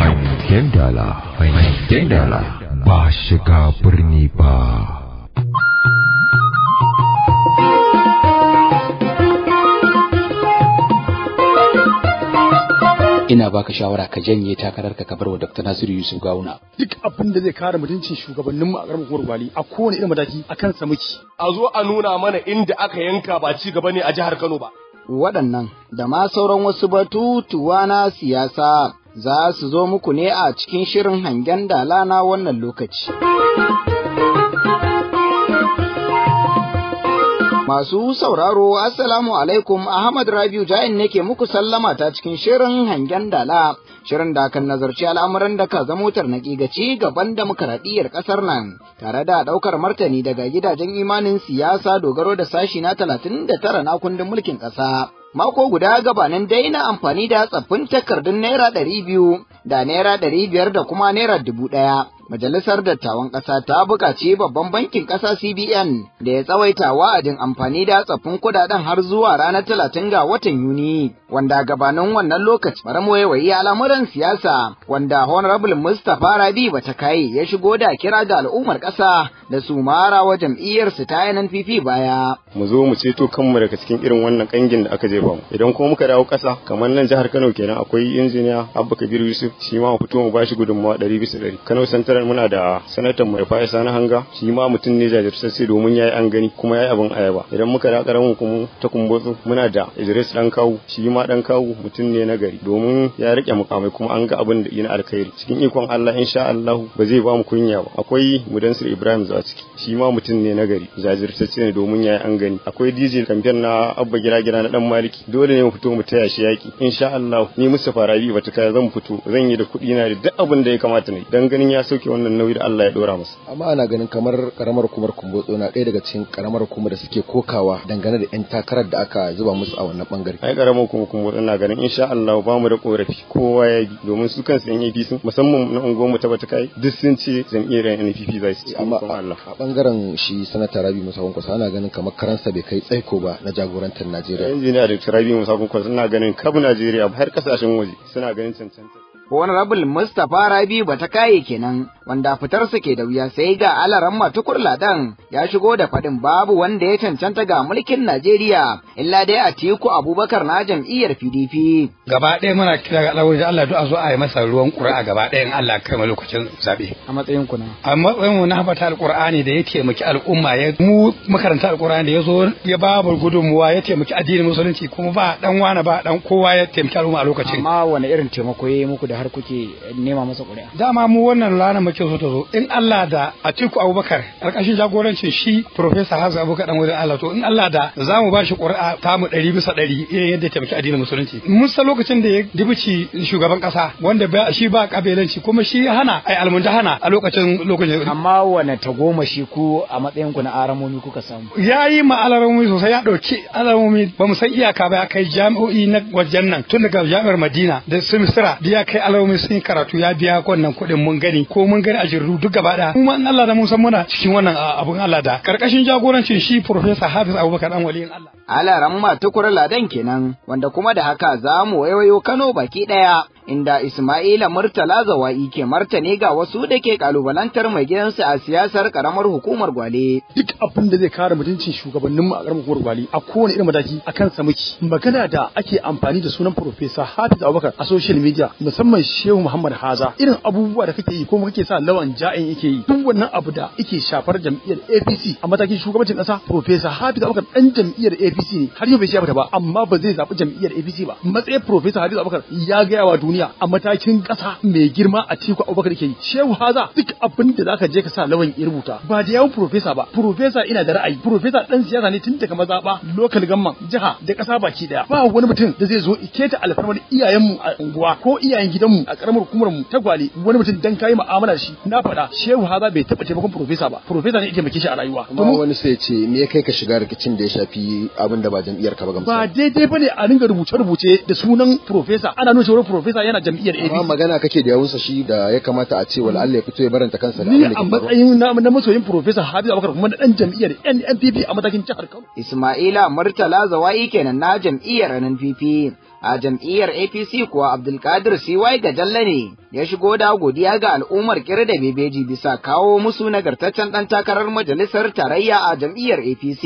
hangen dala dala ba shiga birni ba ina baka shawara ka janye takarar ka bar wa Dr. Nasiru Yusuf Gawuna. Duk abin da zai kare mutuncin shugabanninmu a garin Kwaro Bali a kowane irin mataki a sa miki. A zo a nuna mana inda aka yanka ba ci gaba ne a jihar Kano ba. Waɗannan da ma sauran wasu batutuwa na siyasa za su zo muku ne a cikin shirin hangen dala na wannan lokaci. Masu sauraro Assalamu alaikum Ahmad Rabiu Jain nake muku sallama ta cikin shirin hangen dala shirin da kan nazarci al'amuran da ka zamo tarnaki ga ci gaban demokaradiyyar ƙasar nan tare da ɗaukar martani daga gidajen imanin siyasa dogaro da sashi na talatin da tara na kundin mulkin ƙasa. Mako guda gabanin dai na amfani da tsaffin takardun naira ɗari biyu da naira ɗari biyar da kuma naira dubu ɗaya. Majalisar Dattawan Ƙasa ta buƙaci babban bankin ƙasa CBN da ya tsawaita wa'adin amfani da tsaffin kudaden har zuwa ranar talatin ga watan Yuni, wanda gabanin wannan lokaci bari mu yawayi al'amuran siyasa wanda Honorable Mustapha Rabi bata kai ya shigo da kira ga al'ummar ƙasa da su mara wa jam'iyyarsu ta fifi baya. Mu zo mu ceto kanmu daga cikin irin wannan kangin da aka jefa mu. Idan kuma muka dawo ƙasa kamar nan jihar Kano kenan akwai injiniya Abba Kabiru Yusuf shi ma mu fito mu bashi gudunmawa ɗari bisa ɗari. Kano Central bangaren muna da sanatan mai fa'isa na hanga shi ma mutum ne jajirtacce domin yayi an gani kuma ya yi abin ayaba idan muka da karamin kuma ta kumbotsu muna da Idris dan kawu shi ma dan kawu mutum ne na gari domin ya rike mukamai kuma an ga abin da ina alkhairi cikin ikon Allah insha Allah ba zai ba mu kunya ba akwai Mudansir Ibrahim za ciki shi ma mutum ne na gari jajirtacce ne domin yayi an gani akwai DJ kamfen na Abba Gira Gira na dan Maliki dole ne mu fito mu taya shi yaki insha Allah ni Mustafa Rabi ta kaya zan fito zan yi da kuɗi na da duk abin da ya kamata ne dan ganin ya sauke wannan nauyi da Allah ya dora masa amma ana ganin kamar karamar kumar kumbotso na ɗaya daga cikin karamar kuma da suke kokawa dangane da yan takarar da aka zuba musu a wannan bangare ai karamar kuma kumbotso na ganin insha Allah ba mu da korafi kowa ya bi domin su kansu yan APC musamman na unguwar mu ta Batakai duk sun ce jam'iyyar NPP za su ci amma a bangaren shi sanata Rabi Musa Kwankwasa ana ganin kamar karansa bai kai tsaiko ba na jagorantar Najeriya yanzu ne a Dr. Rabi Musa Kwankwasa ina ganin kabu Najeriya har kasashen waje suna ganin cancanta Honorable Mustapha Rabi bata kaye kenan wanda fitar su ke da wuya sai ga alaran matukur ladan ya shigo da fadin babu wanda ya cancanta ga mulkin Najeriya illa dai a tiku Abubakar na jam'iyyar PDP. Gaba ɗaya muna kira ga alawar Allah du'a zo a yi masa ruwan ƙura gaba in Allah kai ma lokacin zaɓe. A matsayin ku na. A matsayin mu na fata alƙur'ani da ya taimaki al'umma ya mu makaranta alƙur'ani da ya zo ya ba mu gudunmuwa ya taimaki addinin musulunci kuma ba dan wani ba dan kowa ya taimaki al'umma a lokacin. Amma wani irin taimako ya yi muku da har kuke nema masa ƙuri'a dama mu wannan ranar muke so ta zo in Allah da Atiku Abubakar alƙashin jagorancin shi Professor Hazu Abubakar dan wajen Allah to in Allah da za mu ba ƙuri'a ta mu ɗari bisa ɗari irin yadda taimaki addinin musulunci Musa san lokacin da ya dibici shugaban ƙasa wanda shi ba kabilanci kuma shi hana ai almunda hana a lokacin lokacin amma wane goma shi ku a matsayin ku na aramomi kuka samu Ya yi ma alamomi sosai ya ɗauki alamomi ba mu san iyaka ba ya kai jami'o'i na wajen nan tun daga jami'ar Madina da Sumisra da ya kai alawomi sun yi karatu ya biya wannan kuɗin mun gani ko mun gani a jirru duk gaba ɗaya kuma in Allah da mun san muna cikin wannan abun Allah da karkashin jagorancin shi Professor Hafiz Abubakar dan waliyin Allah. Alaran ma tukura ladan kenan wanda kuma da haka za mu waiwayo Kano baki ɗaya. inda Ismaila Murtala Zawa'i ke martane ga wasu da ke kalubalantar mai gidansa a siyasar karamar hukumar Gwale. Duk abin da zai kare mutuncin shugabannin mu a karamar hukumar Gwale a kowane irin mataki a kan muke. Magana da ake amfani da sunan Profesa Hafiz Abubakar a social media musamman Shehu Muhammad Haza irin abubuwa da kake yi ko kake sa lawan ja'in yake yi. Duk wannan abu da yake shafar jam'iyyar APC a matakin shugabancin ƙasa Profesa Hafiz Abubakar dan jam'iyyar APC ne har yau bai shafa ta ba amma ba zai zaɓi jam'iyyar APC ba. Matsayin Profesa Hafiz Abubakar ya gaya wa duniya duniya a matakin ƙasa mai girma a Tiku Abubakar ke yi Shehu Haza duk abin da ka je ka sa lawan ya rubuta ba da yawon profesa ba profesa ina da ra'ayi profesa ɗan siyasa ne tun daga mazaɓa lokal gamman jiha da ƙasa baki daya ba wani mutum da zai zo iketa alfarmar iyayenmu a unguwa ko iyayen gidanmu a ƙaramar hukumar mu ta gwale wani mutum dan kayi mu'amala shi na faɗa Shehu Haza bai taɓa taimakon profesa ba profesa ne ya taimake shi a rayuwa amma wani sai ce me kai ka shiga rikicin da ya shafi abin da ba jam'iyyar ka ba gamsa ba daidai ne a ringa rubuce rubuce da sunan profesa ana nuna shawarar profesa yana jam'iyyar amma magana kake da yawunsa shi da ya kamata a ce wala ya fito ya baranta kansa da Allah a matsayin na masoyin professor Hafiz Abubakar kuma dan jam'iyyar NNPP a matakin jihar Kano Ismaila Murtala Zawai kenan na jam'iyyar NNPP a jam'iyyar APC kuwa Abdulkadir CY Jalle ne ya shigo da godiya ga al'ummar kira da bebeji bisa kawo musu nagartaccen dan takarar majalisar tarayya a jam'iyyar APC.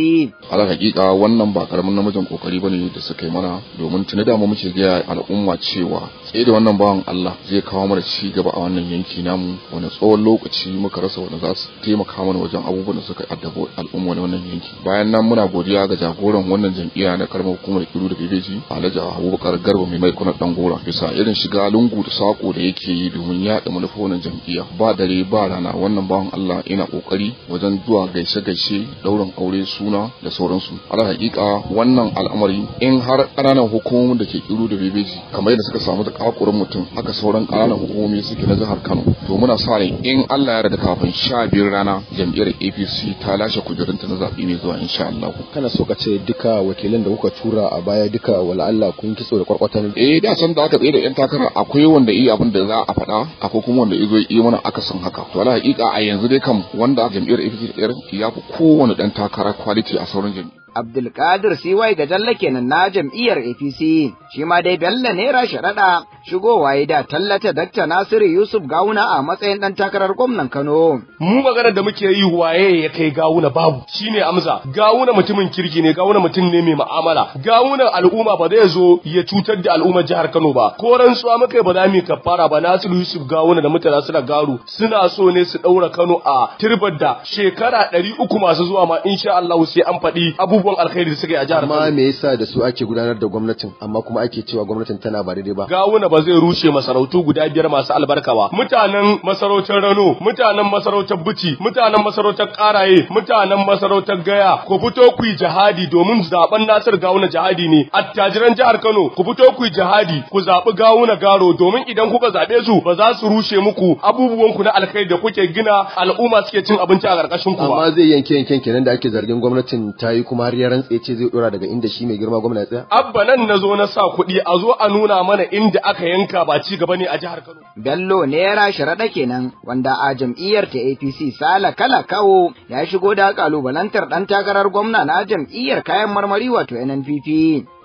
Ala hakika wannan ba karamin namijin kokari bane da suka yi mana domin tuni da mu muke ga al'umma cewa Sai da wannan bawan Allah zai kawo mana ci gaba a wannan yanki namu wani tsawon lokaci muka rasa wanda za su taimaka mana wajen abubuwan da suka addabo al'umma na wannan yanki. Bayan nan muna godiya ga jagoran wannan jam'iyya na karamar hukumar Kiru da Bebeji Alhaji Abubakar Garba mai mai kuna dan gora bisa irin shiga lungu da sako da yake yi domin yaɗa manufonin jam'iyya ba dare ba rana wannan bawan Allah ina kokari wajen zuwa gaishe gaishe ɗaurin aure suna da sauransu ala hakika wannan al'amari in har ƙananan hukumomin da ke kiru da bebeji kamar yadda suka samu da kakurin mutum haka sauran ƙananan hukumomi suke na jihar Kano to muna sa ne. in Allah ya yarda kafin sha biyun rana jam'iyyar APC ta lashe kujerunta na zaɓe mai zuwa insha Allah kana so ka ce duka wakilan da kuka tura a baya duka wala Allah kun kitso da kwarkwatan eh da san da aka tsaye da yan takara akwai wanda yi abin da za a faɗa akwai kuma wanda ya zo yi mana akasin haka to ala hakika a yanzu dai kam wanda jam'iyyar APC ya fi kowane dan takara quality a sauran jam'iyyar Abdulkadir CY jalla kenan na jam'iyyar APC, shi ma dai Bello naira sharaɗa, shigowa ya da tallata Dakta Nasiru Yusuf Gawuna a matsayin dan takarar gwamnan Kano. Mu magana da muke yi waye ya kai Gawuna babu, shi ne amsa. Gawuna mutumin kirki ne, Gawuna mutum ne mai mu'amala. Gawuna al'umma ba zai zo ya cutar da al'ummar jihar Kano ba. Ko rantsuwa muka ba za mu kafara ba Nasiru Yusuf Gawuna da mutane suna garu suna so ne su ɗaura Kano a turbar da shekara ɗari uku masu zuwa ma insha Allah sai an faɗi abu abubuwan alkhairi su suka a jihar amma me yasa da su ake gudanar da gwamnatin amma kuma ake cewa gwamnatin tana ba daidai ba gawuna ba zai rushe masarautu guda biyar masu albarka ba mutanen masarautar Rano mutanen masarautar buci mutanen masarautar Karaye mutanen masarautar Gaya ku fito ku yi jihadi domin zaben Nasir gawuna jihadi ne attajiran jihar Kano ku fito ku yi jihadi ku zabi gawuna garo domin idan kuka zaɓe su ba za su rushe muku abubuwan ku na alkhairi da kuke gina al'umma suke cin abinci a karkashin ku ba amma zai yanke yanken kenan da ake zargin gwamnatin ta yi kuma kamar ya rantse ce zai dora daga inda shi mai girma gwamna ya tsaya? Abba nan na zo na sa kuɗi a zo a nuna mana inda aka yanka ba ci gaba ne a jihar Kano. Bello Naira Sharaɗa kenan wanda a jam'iyyar ta APC Sala Kala Kawo ya shigo da kalubalantar ɗan takarar gwamna na jam'iyyar kayan marmari wato NNPP.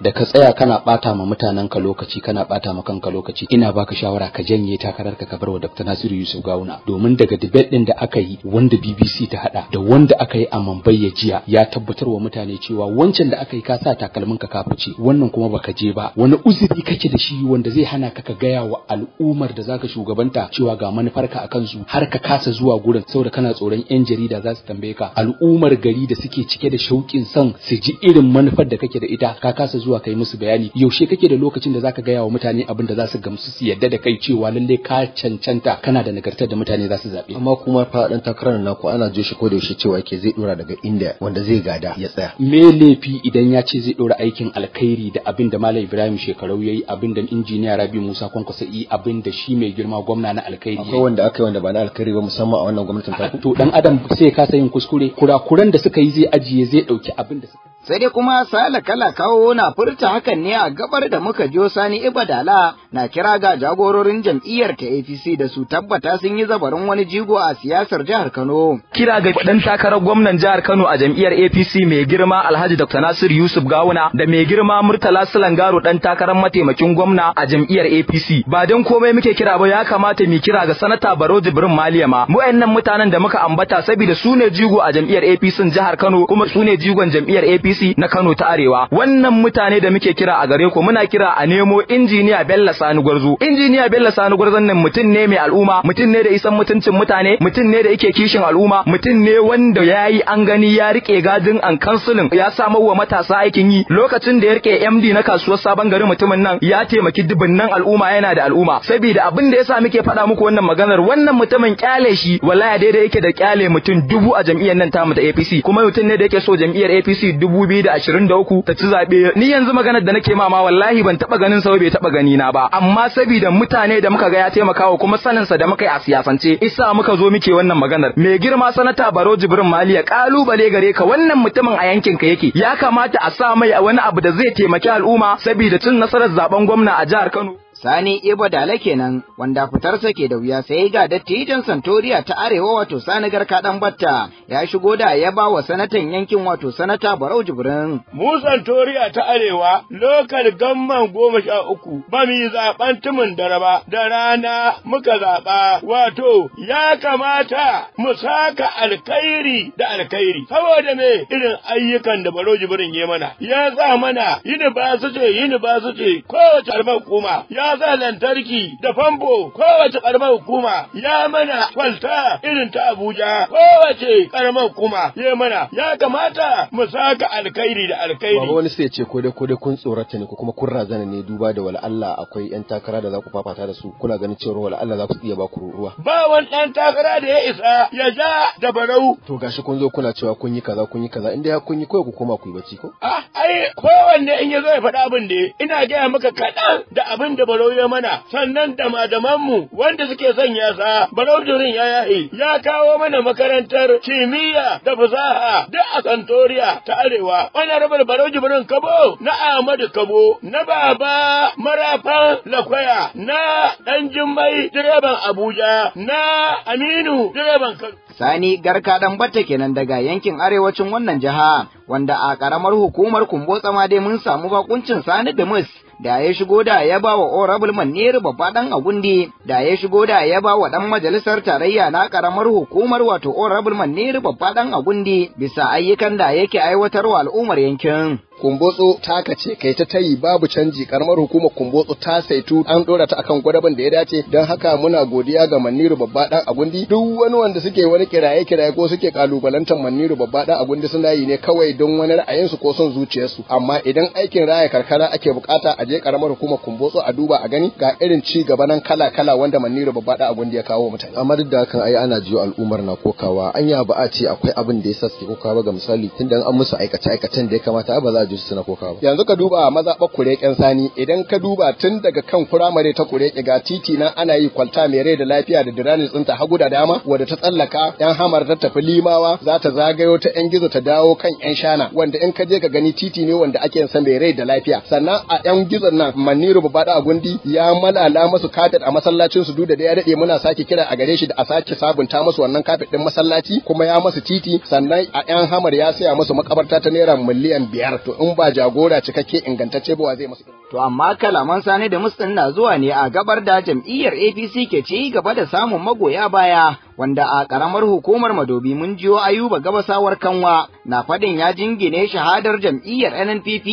Da ka tsaya kana ɓata ma mutanen ka lokaci kana ɓata ma kanka lokaci ina baka shawara ka janye takarar ka bar wa Dr. Nasiru Yusuf Gawuna domin daga debate ɗin da aka yi wanda BBC ta haɗa da wanda aka yi a Mumbai ya jiya ya tabbatar wa mutane cewa wancan da aka yi ka sa takalmin ka ka fice wannan kuma baka je ba wani uzuri kake da shi wanda zai hana ka ka gaya wa al'ummar da zaka shugabanta cewa ga manufarka akan su har ka kasa zuwa gurin saboda kana tsoron yan jarida za su tambaye ka al'ummar gari da suke cike da shauƙin son su ji irin manufar da kake da ita ka kasa zuwa kai musu bayani yaushe kake da lokacin da zaka gaya wa mutane abin da za su gamsu su yadda da kai cewa lalle ka cancanta kana da nagartar da mutane za su zaɓe amma kuma dan takarar naku ana je ko da yaushe cewa ke zai dora daga inda wanda zai gada ya tsaya me laifi idan ya ce zai ɗora aikin alkhairi da abin da Malam Ibrahim Shekarau ya yi abin da injiniya Rabi Musa Kwankwasa yi abin da shi mai girma gwamna na alkhairi. Akwai wanda aka yi wanda ba na alkhairi ba musamman a wannan gwamnatin ta. To dan Adam sai ya kasa yin kuskure kurakuran da suka yi zai ajiye zai ɗauki abin da suka. sai dai kuma sale kala kawo na furta hakan ne a gabar da muka jo sani ibadala na kira ga jagororin jam'iyyar ta apc da su tabbata sun yi zabarin wani jigo a siyasar jihar kano kira ga ɗan takarar gwamnan jihar kano a jam'iyyar apc mai girma alhaji dr nasir yusuf gawuna da mai girma murtala sulangaro ɗan takarar mataimakin gwamna a jam'iyyar apc ba don komai muke kira ba ya kamata mu kira ga sanata baro jibrin maliyama wayannan mutanen da muka ambata saboda su ne jigo a jam'iyyar apc jihar kano kuma su ne jigon jam'iyyar apc APC na Kano ta Arewa wannan mutane da muke kira a gare ku muna kira a nemo injiniya Bello Sani Gwarzo injiniya Bello Sani Gwarzon nan mutum ne mai al'umma mutum ne da isan mutuncin mutane mutum ne da yake kishin al'umma mutum ne wanda yayi an gani ya rike gadin an kansulin ya samar wa matasa aikin yi lokacin da ya rike MD na kasuwar sabon garin mutumin nan ya taimaki dubunnan al'umma yana da al'umma saboda abin da yasa muke faɗa muku wannan maganar wannan mutumin kyale shi wallahi daidai yake da kyale mutum dubu a jam'iyyar nan tamu ta APC kuma mutum ne da yake so jam'iyyar APC dubu 2023 ta ci zaɓe. ni yanzu maganar da nake mama. wallahi ban taba ganin sa bai taba gani na ba amma saboda mutane da muka ga ya taimakawa kuma sanin sa da muka yi a siyasance isa muka zo muke wannan maganar mai girma sanata Baro Jibrin Maliya kalubale gare ka wannan mutumin a yankin ka yake ya kamata a sa mai wani abu da zai taimaki al'umma saboda cin nasarar zaben gwamna a jihar Kano Sani Ibo Dala kenan wanda fitarsa ke da wuya sai ga dattijan Santoriya ta Arewa wato Sani Garkaɗan Batta ya shigo da ya ba wa sanatan yankin wato sanata Barau Jibrin. Mu Santoriya ta Arewa lokal gamman goma sha uku ba mu yi zaben tumin dare ba da rana muka zaɓa wato ya kamata mu saka alkhairi da alkhairi saboda me irin ayyukan da Barau Jibrin ya mana ya sa mana yini ba su ce yini ba su ce kowace kuma ya gasa lantarki da famfo kowace karamar hukuma ya mana kwalta irin ta Abuja kowace karamar hukuma ya mana ya kamata mu saka alkhairi da alkhairi ba wani sai ce ko dai ko dai kun tsorata ne ko kuma kun razana ne duba da wala Allah akwai yan takara da za ku fafata da su kuna ganin cewa wala Allah za ku iya ba ku ruwa ba wani ɗan takara da ya isa ya ja da barau to gashi kun zo kuna cewa kun yi kaza kun yi kaza inda kun yi kawai ku koma ku yi bacci ko ah ai kowanne in ya zo ya faɗa abin da ina gaya maka kaɗan da abin da barau mana sannan damadamanmu wanda suke son ya sa barau ya yahi ya kawo mana makarantar kimiyya da fasaha da a santoriya ta arewa honorable barau jibrin kabo na Amadu kabo na baba marafan lakwaya na dan jimmai direban abuja na aminu direban sani garka dan bata kenan daga yankin arewacin wannan jiha wanda a ƙaramar hukumar kumbo tsama dai mun samu bakuncin sani da mus da ya shigo da ya ba wa Honorable Manir babba dan Agundi da ya shigo da ya ba wa dan majalisar tarayya na karamar hukumar wato Honorable Manir babba dan Agundi bisa ayyukan da yake aiwatarwa al'ummar yankin. kumbotso ta kace kai ta tayi babu canji karamar hukumar kumbotso ta saitu an dora ta akan gwadaban da ya dace don haka muna godiya ga maniru babba dan agundi duk wani wanda suke wani kiraye kiraye ko suke kalubalantar maniru babba dan agundi suna yi ne kawai don wani ra'ayin su ko son zuciyarsu amma idan aikin raya karkara ake bukata a je karamar hukumar kumbotso a duba a gani ga irin ci gaba nan kala kala wanda maniru babba dan agundi ya kawo mutane amma duk da hakan ai ana jiyo alumar na kokawa anya ba a ce akwai abin da yasa suke kokawa ga misali tunda an musu aikace aikacen da ya kamata ba za ji na koka ba yanzu ka duba mazaɓar kureken sani idan ka duba tun daga kan firamare ta kureke ga titi na ana yi kwalta mai rai da lafiya da dirani tsinta hagu da dama wadda ta tsallaka yan hamar ta tafi limawa za ta zagayo ta yan gizo ta dawo kan yan shana wanda in ka je ka gani titi ne wanda ake san mai rai da lafiya sannan a yan gizon nan maniru babada a gundi ya malala masu kafet a masallacin su duda da ya dade muna sake kira a gare shi da a sake sabunta masu wannan kafet ɗin masallaci kuma ya masu titi sannan a yan hamar ya saya masu makabarta ta naira miliyan biyar to in ba jagora cikakke ingantacce ba zai musu to amma kalaman sani da musu na zuwa ne a gabar da jam'iyyar APC ke ci gaba da samun magoya baya wanda a karamar hukumar madobi mun jiyo ayuba gabasawar kanwa na fadin ya jingine shahadar jam'iyyar NNPP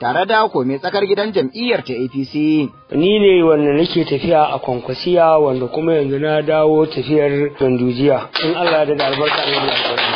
tare da mai tsakar gidan jam'iyyar ta APC ni ne wanda nake tafiya a kwankwasiya wanda kuma yanzu na dawo tafiyar Tunduziya in Allah da albarka ne da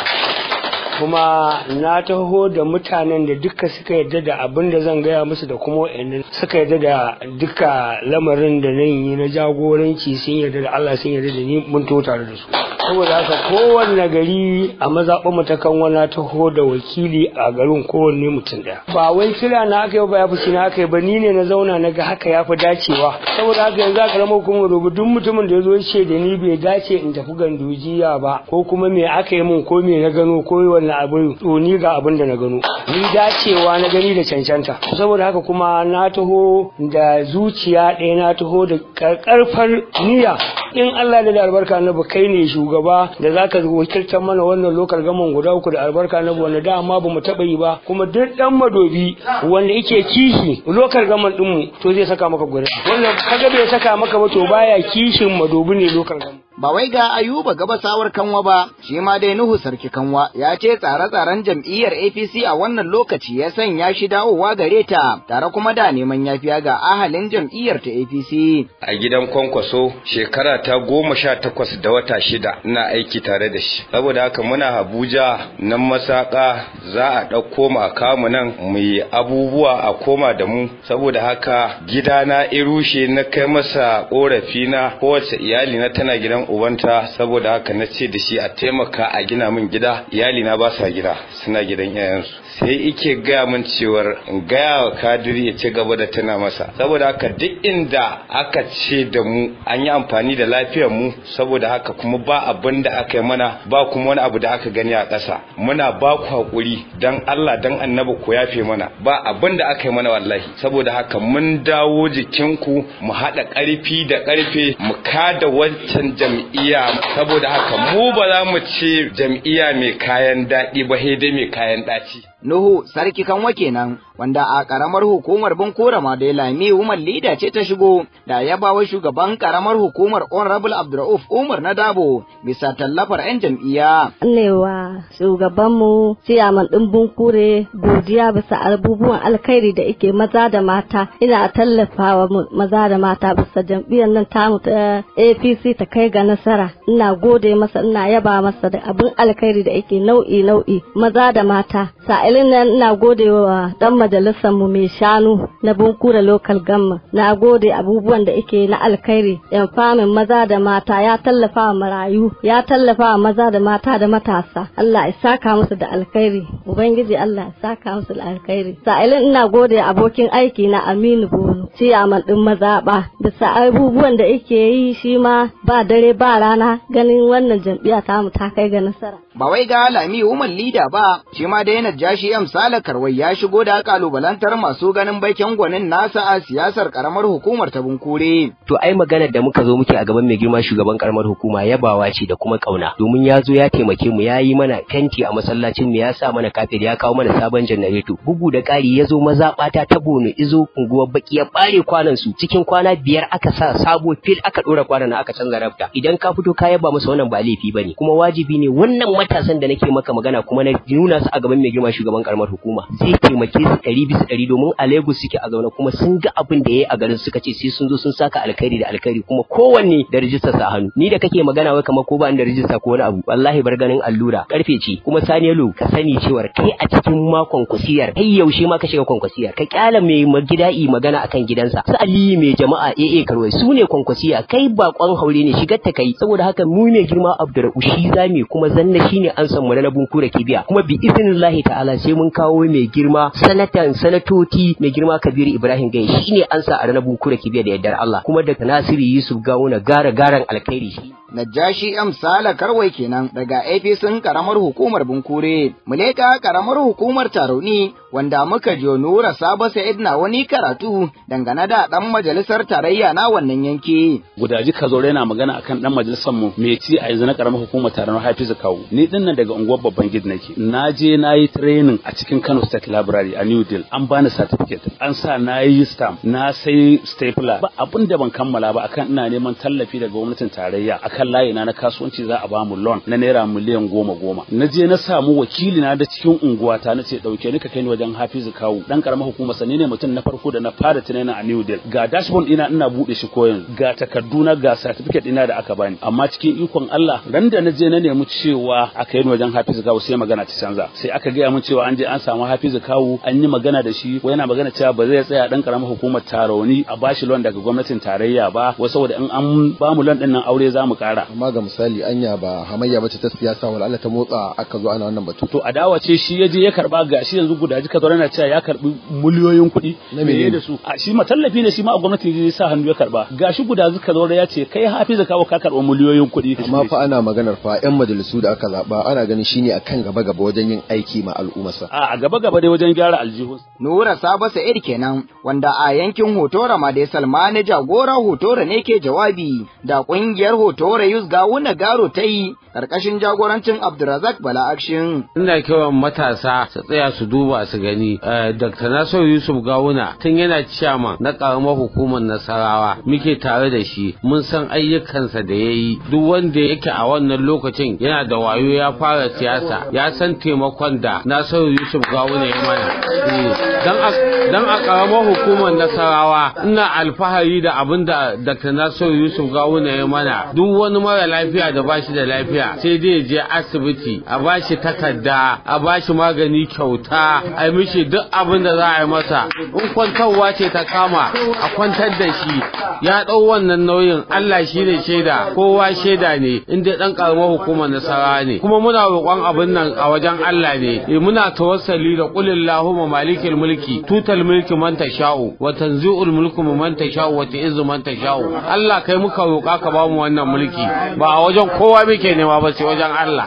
kuma na taho da mutanen da duka suka yarda da abin da zan gaya musu da kuma wa'annan suka yarda da duka lamarin da nan yi na jagoranci sun yarda da Allah sun yarda da ni mun to tare da su saboda haka kowanne gari a mazaɓa mu ta na taho da wakili a garin kowanne mutum ɗaya ba wai kira na aka yi ba ya fi na aka yi ba ni ne na zauna na ga haka ya fi dacewa saboda haka yanzu aka rama hukumar rubu duk mutumin da ya zo ce da ni bai dace in tafi gandujiya ba ko kuma me aka yi min ko me na gano ko wani wannan abin tsoni ga abin da na gano ni dacewa na gani da cancanta saboda haka kuma na taho da zuciya ɗaya na taho da karfar niyya in Allah da albarka na kai ne shugaba da zaka wakiltar mana wannan lokal gaman guda uku da albarka na wanda dama ba mu taɓa yi ba kuma duk ɗan madobi wanda yake kishi lokal gaman ɗinmu to zai saka maka guda wannan kaga bai saka maka ba to baya kishin madobi ne lokal gaman ba wai ga ayuba gaba sawar kanwa ba shi ma dai nuhu sarki kanwa ya ce tsare-tsaren jam'iyyar apc a wannan lokaci ya sanya shi dawowa gare ta tare kuma da neman yafiya ga ahalin jam'iyyar ta apc a gidan kwankwaso shekara ta goma sha takwas da wata shida na aiki tare da shi saboda haka muna abuja nan masaka za a ɗauko mu a kamu nan mu yi abubuwa a koma da mu saboda haka gidana irushe na kai masa korafi na kowace iyali na tana gidan ubanta saboda haka na ce da shi a taimaka a gina min gida iyalina ba sa gida suna gidan 'ya'yansu. sai ike gaya min cewar gaya wa kadiri ya ci gaba da tana masa saboda haka duk inda aka ce da mu an yi amfani da lafiyar mu saboda haka kuma ba abin da aka yi mana ba kuma wani abu da aka gani a ƙasa muna ba ku haƙuri dan Allah dan annabi ku yafe mana ba abin da aka yi mana wallahi saboda haka mun dawo jikinku mu haɗa ƙarfi da ƙarfe mu kada wancan jam'iyya saboda haka mu ba za mu ce jam'iyya mai kayan daɗi ba sai dai mai kayan ɗaci. Nuhu sarki kanwa kenan wanda a karamar hukumar Bunkura da Lami Umar Lida ce ta shigo da yabawa shugaban karamar hukumar Honorable Abdurrauf Umar na Dabo bisa tallafar 'yan jam'iyya. Allewa shugabanmu siyaman ɗin Bunkure godiya bisa abubuwan alkhairi da ike maza da mata ina tallafawa maza da mata bisa jam'iyyar nan tamu ta APC ta kai ga nasara ina gode masa ina yaba masa da abin alkhairi da ike nau'i nau'i maza da mata sa sa'ilin nan ina gode wa dan majalisar mu mai shanu na bunkura local gamma na gode abubuwan da ike na alkhairi yan famin maza da mata ya tallafa wa marayu ya tallafa wa maza da mata da matasa Allah ya saka musu da alkhairi ubangiji Allah ya saka musu da alkhairi sa'ilin ina gode abokin aiki na Aminu Bono ciyaman din mazaba sa abubuwan da ike yi shi ma ba dare ba rana ganin wannan jam'iyya ta mu ta kai ga nasara ba wai ga Lami Umar Lida ba shi ma da yana shi M sala Karwai ya shigo da kalubalantar masu ganin baikin gwanin nasa a siyasar karamar hukumar ta Bunkure. To ai maganar da muka zo muke a gaban mai girma shugaban karamar hukuma yabawa ce da kuma kauna domin ya zo ya taimake mu ya yi mana fenti a masallacin mu ya sa mana kafir ya kawo mana sabon janareto bugu da ƙari ya zo maza mazaɓata ta Bono izo unguwar baki ya ɓare kwanan su cikin kwana biyar aka sa sabo fil aka ɗora kwanan aka canza rafta idan ka fito ka yaba masa wannan ba laifi bane kuma wajibi ne wannan matasan da nake maka magana kuma na nuna su a gaban mai girma shugaban shugaban karamar hukuma zai taimake su ɗari bisa ɗari domin a Lagos suke a zaune kuma sun ga abin da ya yi a garin suka ce sai sun zo sun saka alkhairi da alkhairi kuma kowanne da rijistar sa hannu ni da kake magana wai kamar ko ba da rijista ko wani abu wallahi bar ganin allura karfe ce kuma sanelo ka sani cewar kai a cikin makon kusiyar kai yaushe ma ka shiga kwankwasiyar ka kyala mai magida'i magana akan gidansa su aliyu mai jama'a AA Karwai su ne kwankwasiya kai bakon haure ne shigar ta kai saboda haka mu mai girma Abdurraushi zami kuma zanna shine an san mu na bunkura kibiya kuma bi iznillahi ta'ala sai mun kawo mai girma sanatan sanatoti mai girma Kabiru Ibrahim Gai shine ansa a ranar bunkura kibiya da yardar Allah kuma da Nasiru Yusuf Gawuna gara garan alkhairi shi Najashi M. Sala Karwai kenan daga APCin karamar hukumar Bunkure. Muleka karamar hukumar Taruni wanda muka jo Nura Sabo Sa'id na wani karatu dangane da dan majalisar tarayya na wannan yanki. Gudaji Kazo yana magana akan dan majalisar mu me ci a yanzu na karamar hukumar Taroni Hafizu Kawu. Ni din nan daga unguwar babban gid nake. Na je na yi training a cikin Kano State Library a New Delhi. An bani certificate. An sa na yi stamp. Na sai stapler. Ba abin da ban kammala ba akan ina neman tallafi daga gwamnatin tarayya kan layina na kasuwanci za a bamu loan na naira miliyan goma goma na je na samu wakili na da cikin unguwata na ce dauke ni ka kai ni wajen Hafizu Kawu dan karamar hukuma sani ne mutum na farko da na fara tunanin a New Delhi ga dashboard ina ina bude shi ko yanzu ga takarduna ga certificate ina da aka bani amma cikin ikon Allah ran da na je na nemi cewa a kai ni wajen Hafizu Kawu sai magana ta canza sai aka gaya mun cewa an je an samu Hafizu Kawu an yi magana da shi ko yana magana cewa ba zai tsaya dan karamar hukumar Tarauni a bashi loan daga gwamnatin tarayya ba wasu saboda in an ba mu loan din nan aure za mu kara amma ga misali anya ba hamayya bace ta siyasa wala Allah ta motsa aka zo ana wannan batu to adawa ce shi yaje ya karba gashi yanzu yanzu gudaji ka rana cewa ya karbi miliyoyin kuɗi me da su a shi matallafi ne shi ma a gwamnati ne sa hannu ya karba gashi gudaji ka rana ya ce kai hafiza kawo ka karba miliyoyin kuɗi amma fa ana maganar fa yan majalisu da aka zaba ana ganin shi ne akan gaba gaba wajen yin aiki ma al'umma sa. a gaba gaba dai wajen gyara aljihun Nura Sabo Sa'id kenan wanda a yankin Hotora da Salmani jagora Hotora ne ke jawabi da kungiyar Hotora Orayus ga wuna garo ta yi ƙarƙashin jagorancin Abdulrazak Bala Akshin. Ina kiran matasa su tsaya su duba su gani. Eh, Dr. Nasiru Yusuf Gawuna tun yana ciyaman na ƙaramar hukumar Nasarawa muke tare da shi mun san ayyukansa da ya yi duk wanda yake a wannan lokacin yana da wayo ya fara siyasa ya san taimakon da Nasiru Yusuf Gawuna ya mana. Eh, dan a ƙaramar hukumar Nasarawa ina alfahari da abin da Dr. Nasiru Yusuf Gawuna ya mana duk wani mara lafiya da bashi da lafiya sai dai je asibiti a bashi takarda a bashi magani kyauta a mishi duk abin da za a yi masa in kwantarwa ce ta kama a kwantar da shi ya ɗau wannan nauyin Allah shi ne shaida kowa shaida ne in dai ɗan ƙaramar hukumar nasara ne kuma muna roƙon abin nan a wajen Allah ne e, muna tawassali da kulillahu ma malikil mulki tutal mulki man tasha'u wa tanzi'ul mulku man tasha'u wa tu'izzu man tasha'u Allah kai muka roƙa ka ba mu wannan mulki ba a wajen kowa muke ne nema ba sai wajen Allah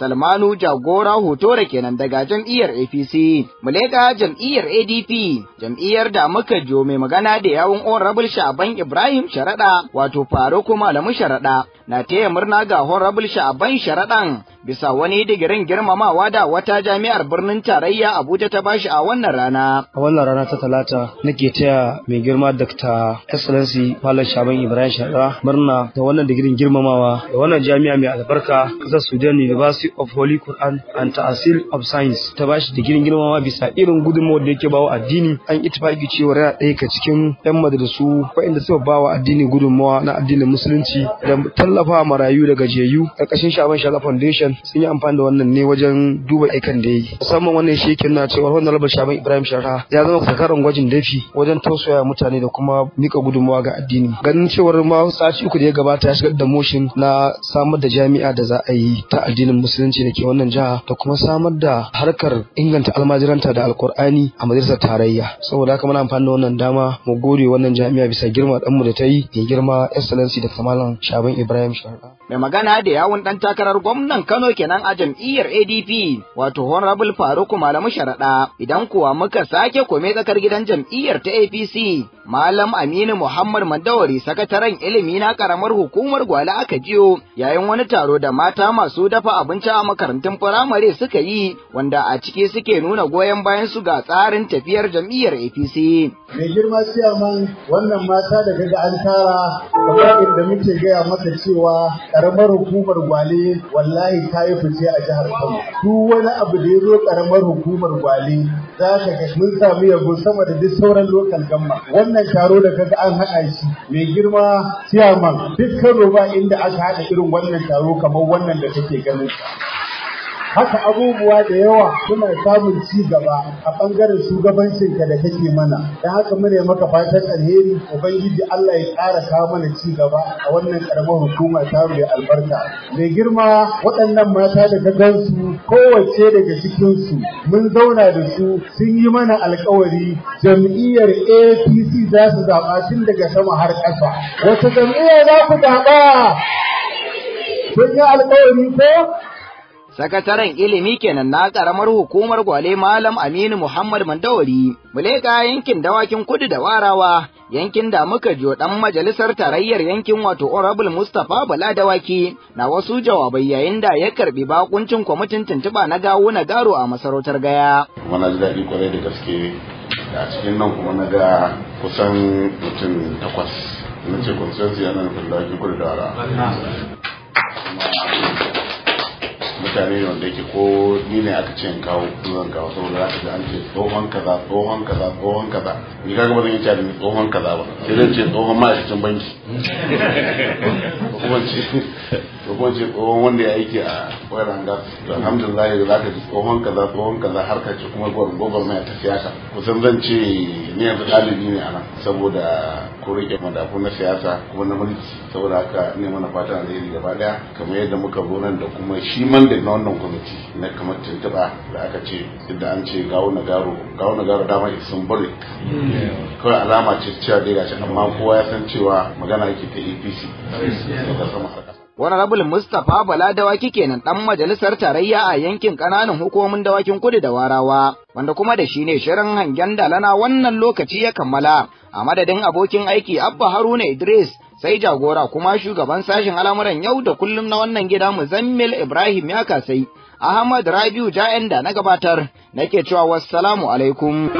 Salmanu Jagora da kenan daga jam'iyyar APC, Muleka jam'iyyar ADP, jam'iyyar da muka jo mai magana da yawun Honorable Sha'ban Ibrahim Sharaɗa wato Faruku Malamu Sharaɗa na taya murna ga Honorable Sha'ban Sharaɗan bisa wani digirin girmamawa da wata jami'ar birnin tarayya Abuja ta bashi a wannan rana. A wannan rana ta talata nake taya mai girma Dr. Excellency Malam Shaban Ibrahim Sharaɗa murna da wannan digirin girmamawa da wannan jami'a mai albarka ƙasar Sudan University of Holy Quran and Ta'asir of Science ta bashi girin girmama bisa irin gudunmawar da yake bawa addini an ittifaki cewa yana ɗaya ka cikin yan madrasu waɗanda suka bawa addini gudunmawa na addinin musulunci da tallafa marayu da gajiyayyu. ƙarƙashin Shaban Shala Foundation sun yi amfani da wannan ne wajen duba aikan da yi. musamman wannan shi yake nuna cewa wannan labar Shaban Ibrahim Shara ya zama zakaran gwajin dafi wajen tausaya mutane da kuma nika gudunmawa ga addini ganin cewar ma sati uku da ya gabata ya shigar da motion na samar da jami'a da za a yi ta addinin musulunci musulunci da ke wannan jiha da kuma samar da harkar inganta almajiranta da alkur'ani a majalisar tarayya saboda haka muna amfani da wannan dama mu gode wannan jami'a bisa girma danmu da ta yi mai girma excellency da kamalan shaban ibrahim sharda mai magana da yawun dan takarar gwamnan kano kenan a jam'iyyar adp wato honorable faruku malamu sharaɗa idan kuwa muka sake kome tsakar gidan jam'iyyar ta apc Malam Aminu Muhammad Mandawari sakataren ilimi na karamar hukumar Gwale aka jiyo yayin wani taro da mata masu dafa abinci mata makarantun firamare suka yi wanda a ciki suke nuna goyon bayan su ga tsarin tafiyar jam'iyyar APC. Mai girma ciyaman wannan mata daga an tara kamar inda muke gaya maka cewa karamar hukumar gwale wallahi ta yi fice a jihar Kano. Duk wani abu da ya zo karamar hukumar gwale za ka ga mun samu yabo sama da duk sauran lokal gamma. Wannan taro da kaga an haɗa shi mai girma ciyaman duk Kano ba inda aka haɗa irin wannan taro kamar wannan da kake ganin haka abubuwa da yawa suna samun ci gaba a ɓangaren shugabancin ka da kake mana dan haka mune maka fatan alheri ubangiji Allah ya ƙara kawo mana ci gaba a wannan karamar hukuma ta mai albarka mai girma waɗannan mata da ka gansu kowace daga cikin su mun zauna da su sun yi mana alƙawari, jam'iyyar APC za su zaɓa tun daga sama har ƙasa wata jam'iyya za ku zaɓa kun yi alkawari ko sakataren ilimi kenan na karamar hukumar gwale malam aminu muhammad mandawari muleka yankin dawakin kudu da warawa yankin da muka jo dan majalisar tarayyar yankin wato Orabul mustapha bala dawaki na wasu jawabai yayin da ya karbi bakuncin kwamitin tuntuba na gawo na garo a masarautar gaya mana ji daɗi kwarai da gaske a cikin nan kuma na ga kusan mutum takwas na ce consensus yana kudu da warawa mutane ne wanda yake ko ni ne aka ce in kawo zan kawo saboda za ka ji an ce tsohon kaza tsohon kaza tsohon kaza ni kaga ba zan yi cari tsohon kaza ba sai zan ce tsohon ma'aikacin banki kuma ce ko kuma ce tsohon wanda ya aiki a wayan gas da alhamdulillah za ka ji tsohon kaza tsohon kaza har ka ci kuma gwarin gobar mai ta siyasa kusan zan ce ni yanzu ɗalibi ne a nan saboda ko rike madafu na siyasa kuma na mulki saboda haka ne mana fatan alheri gaba daya kamar yadda muka zo nan da kuma shi man da na wannan kwamiti na kamar tuntuɓa da aka ce Idan an ce gawo na garo gawo na garo dama is symbolic kawai alama ce cewa dai gashi amma kowa ya san cewa magana yake ta apc daga sama Honorable Mustapha Bala Dawaki kenan dan majalisar tarayya a yankin kananan hukumomin dawakin kudu da warawa wanda kuma da shi ne shirin hangen dalana wannan lokaci ya kammala a madadin abokin aiki Abba Haruna Idris sai jagora kuma shugaban sashen al'amuran yau da kullum na wannan gida Muzammil Ibrahim ya kasai Ahmad Rabiu jainda na gabatar nake cewa wassalamu alaikum